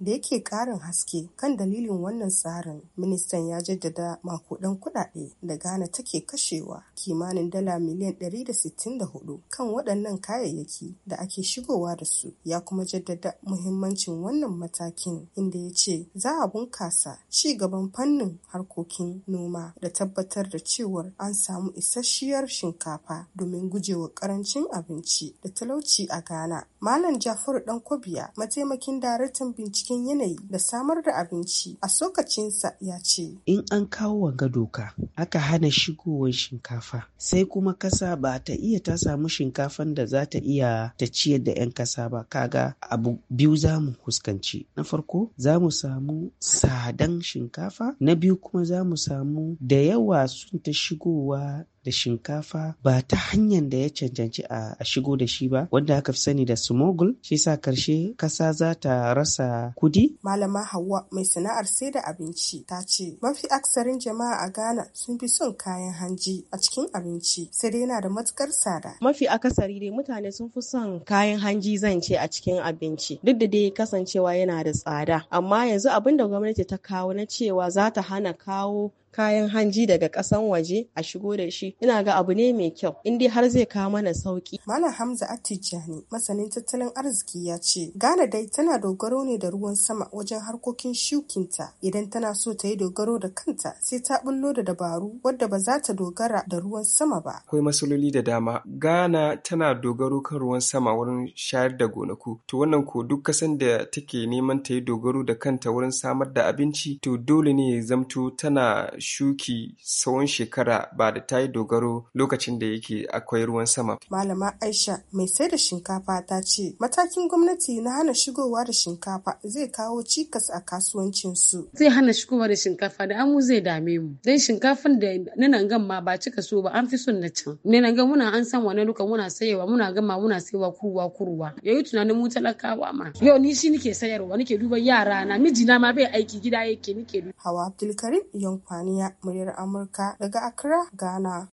Da yake ƙarin haske kan dalilin wannan tsarin, ministan ya jaddada makudan kudade da Ghana take kashewa kimanin dala miliyan 164 kan waɗannan kayayyaki da ake shigowa da su. Ya kuma jaddada muhimmancin wannan matakin inda ya ce za a bunkasa ci gaban fannin harkokin noma da tabbatar da cewar an samu isasshiyar shinkafa domin gujewa karancin abinci da talauci a Ghana. Malam Jafaru kobiya mataimakin daraktan bincike cikin yanayi da samar da abinci a sokacinsa ya ce. In an kawo wanga doka aka hana shigowar shinkafa sai kuma kasa ba ta iya ta samu shinkafan da za ta iya ta ciyar da 'yan kasa ba kaga abu biyu za mu fuskanci. Na farko za mu samu sadan shinkafa na biyu kuma za mu samu da yawa sun ta shigowa da shinkafa ba ta hanyar da ya cancanci a shigo da shi ba wanda aka fi sani da smuggle shi sa karshe kasa za ta rasa kudi. Malama Hauwa mai sana'ar sai da abinci ta ce mafi aksarin jama'a a Ghana sun fi son kayan hanji a cikin abinci sai dai yana da matukar tsada. Mafi akasari dai mutane sun fi son kayan hanji zan ce a cikin abinci duk da dai kasancewa yana da tsada amma yanzu abin da gwamnati ta kawo na cewa za ta hana kawo kayan hanji daga ƙasan waje a shigo da shi ina ga abu ne mai kyau in dai har zai kawo mana sauki. Malam Hamza Attijani masanin tattalin arziki ya ce Ghana dai tana dogaro ne da ruwan sama wajen harkokin shukinta idan tana so ta yi dogaro da kanta sai ta bullo da dabaru wadda ba za ta dogara da ruwan sama ba. Akwai masaloli da dama Ghana tana dogaro kan ruwan sama wurin shayar da gonaku to wannan ko duk kasan da take neman ta yi dogaro da kanta wurin samar da abinci to dole ne ya zamto tana shuki tsawon shekara ba da ta yi dogaro lokacin da yake akwai ruwan sama. Malama Aisha mai sai da shinkafa ta ce matakin gwamnati na hana shigowa da shinkafa zai kawo cikas a kasuwancin su. Zai hana shigowa da shinkafa da amu zai dame mu. Dan shinkafan da nan gan ma ba cika so ba an fi son na can. Nan gan muna an san wani luka muna sayewa muna gama muna sayewa kurwa ya yi tunanin mu talakawa ma. Yau ni shi nike sayarwa nike duba yara na mijina ma bai aiki gida yake nike. Hawa Abdulkarim Yankwani. Saniya muryar Amurka daga Accra, Ghana.